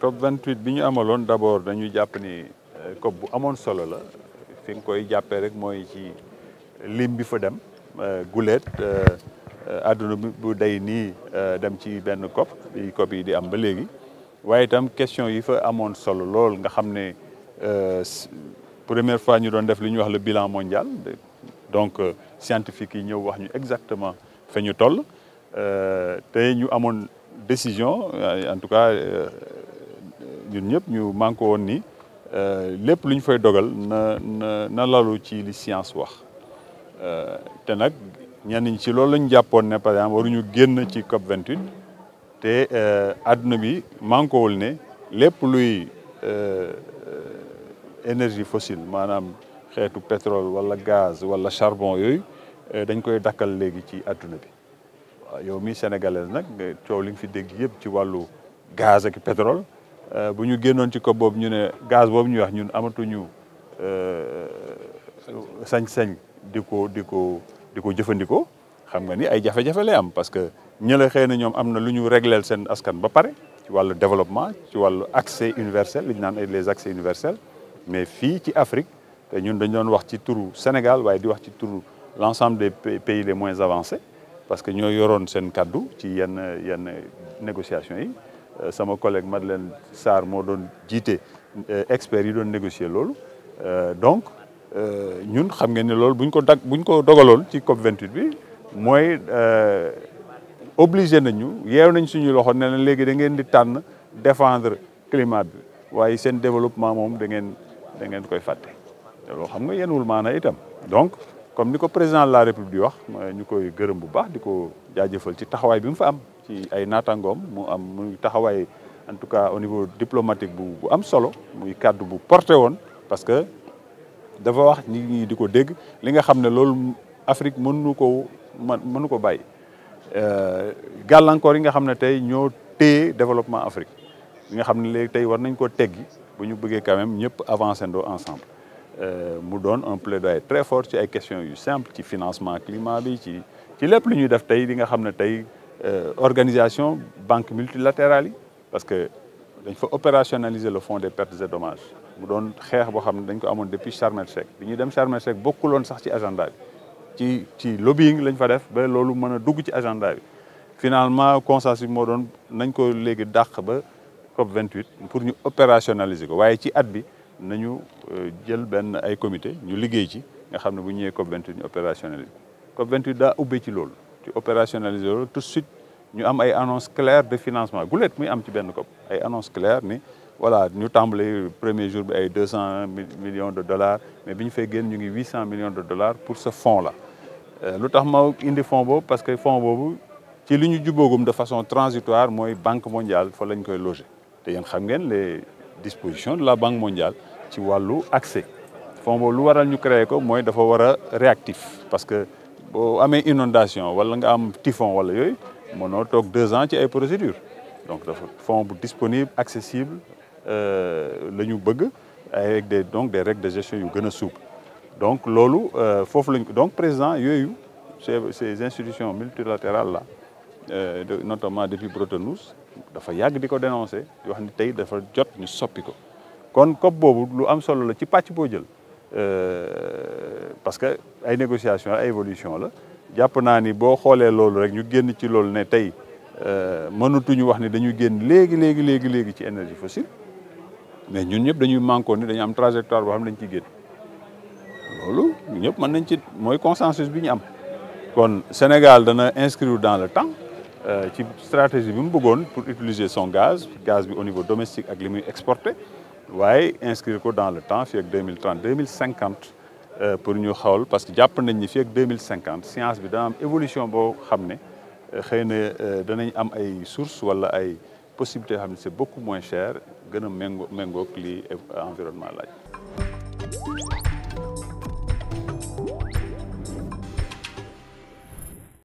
COP 28 bi ñu amaloon d' abord dañu jàpp ni euh, COP bu amoon solo la fi nga koy jàppee rek mooy ci lim bi fa dem euh, guleet euh, àdduna bi bu day nii dem ci benn COP bi COP yi di am ba léegi waaye itam question yi fa amoon solo lool nga xam ne première fois ñu doon def li ñuy wax le bilan mondial donc scientifique yi ñëw wax ñu exactement fa ñu toll euh, tey ñu amoon décision euh, en tout cas euh, ñu ñëpp ñu manqué woon ni lépp lu ñu fay dogal na lalu ci li science wax te nag ñenn ci loolu lañu jàppoon ne par exemple waruñu génn ci COP 28 te àdduna bi manqué ne lépp luy énergie fossile maanaam xeetu pétrole wala gaz wala charbon yooyu Euh, dañ koy dakkal léegi ci adduna bi waaw yow mi sénégalaise nag coow li nga fi dégg yëpp ci wàllu gaz ak pétrole euh, bu ñu génnoon ci ko boobu ñu ne gaz boobu ñuy wax ñun amatuñu euh, sañ-sañ di ko di ko di ko jëfandikoo xam nga ni ay jafe-jafe lay am parce que ñële xëy na ñoom am na lu ñu régleel seen askan ba pare ci wàllu développement ci wàllu accès universel li ñu naan les accès universels mais fii ci Afrique te ñun dañ doon wax ci turu Sénégal waaye di wax ci turu l'ensemble des pays les moins avancé parce que ñoo yoroon seen kaddu ci yenn yenn négociations yi euh, sama collègue Madeleine Sarr moo doon jiite euh, experts yi doon négocier loolu euh, donc ñun xam ngeen ne loolu buñ ko dag buñ ko dogaloon ci COP 28 bi mooy obligé nañu yeew nañ suñu loxo ne leen léegi da ngeen di tànn défendre climat bi waaye seen développement moom da ngeen da ngeen koy fàtte loolu xam nga yenwul maana itam comme ni ko président la république di wax ñu koy gërëm bu baax di ko jaajëfal ci taxawaay bi mu fa am ci ay naataangoom mu am muy taxawaay en tout cas au niveau diplomatique bu bu am solo muy kàddu bu porté woon parce que dafa wax ni ñi di ko dégg li nga xam ne loolu Afrique mënu ko mën mënu ko bàyyi euh, gàllankoor yi nga xam ne tey ñoo téye développement Afrique li nga xam ne léegi tey war nañ ko teggi bu ñu bëggee quand même ñëpp avancer ndoo ensemble Euh, mu doon un plaidoyer très fort ci ay questions yu simple ci financement climat bi ci ci lépp lu ñuy def tey li nga xam ne tey euh, organisation banque multilatérale yi parce que dañ fa opérationaliser le fonds des pertes et dommages mu doon xeex boo xam ne dañ ko amoon depuis Sharm el Sheikh bi ñuy dem Sharm el Sheikh bokkuloon sax ci agenda bi ci ci lobbying lañ fa def ba loolu mën a dugg ci agenda bi finalement consensus moo doon nañ ko léegi dàq ba COP 28 pour ñu opérationnaliser ko waaye ci at bi nañu euh, jël benn ay comité ñu liggéey ci nga xam ne bu ñëwee COP 28 ñu opérationnalisé COP 28 daa ubbee ci loolu ci opérationnalisé loolu tout de suite ñu am ay annonce claire de financement gulet muy am ci benn COP ay annonce claire ni voilà ñu tàmbale premier jour bi ay deux cent millions de dollars mais bi ñu fay génn ñu ngi huit cent millions de dollars pour ce fonds là euh, lu tax ma indi fonds boobu parce que fonds boobu ci li ñu juboogum de façon transitoire mooy banque mondiale fa lañ koy loger te xam ngeen les dispositions de la banque mondiale ci wàllu accès fonds boobu lu waral ñu créer ko mooy dafa war a réactif parce que boo amee inondation wala nga am typhon wala yooyu mënoo toog deux ans ci ay procédure donc dafa fonds bu disponible accessible euh, la ñu bëgg avec des donc de règles de gestion yu gën a souple donc loolu euh, foofu lañ ko donc président yooyu ces institutions multilatérales là euh, notamment depuis Bretton Woods dafa yàgg di ko dénoncer di wax ni tey dafa jot ñu soppi ko kon COP boobu lu am solo la ci pàcc boo jël euh, parce que ay négociation ay évolution la jàpp naa ni boo xoolee loolu rek ñu génn ci loolu ne tey euh, mënatuñu wax ni dañuy génn léegi léegi léegi léegi ci énergie fossile mais ñun ñëpp dañuy manqué ni dañu am trajectoire boo xam nañ dañ ciy génn loolu ñëpp mën nañ ci mooy consensus bi ñu am kon Sénégal dana inscrire dans le temps euh, ci stratégie bi mu bëggoon pour utiliser son gaz gaz bi au niveau domestique ak li muy exporté waaye inscrire ko dans le temps fii ak deux mille trente deux euh, pour ñu xool parce que jàpp nañ ni fii ak deux mille cinquante science bi dana am évolution boo xam ne euh, xëy na euh, danañ am ay sources wala ay possibilités xam ne c'est beaucoup moins cher gën a méngoo méngoog lii environnement laaj.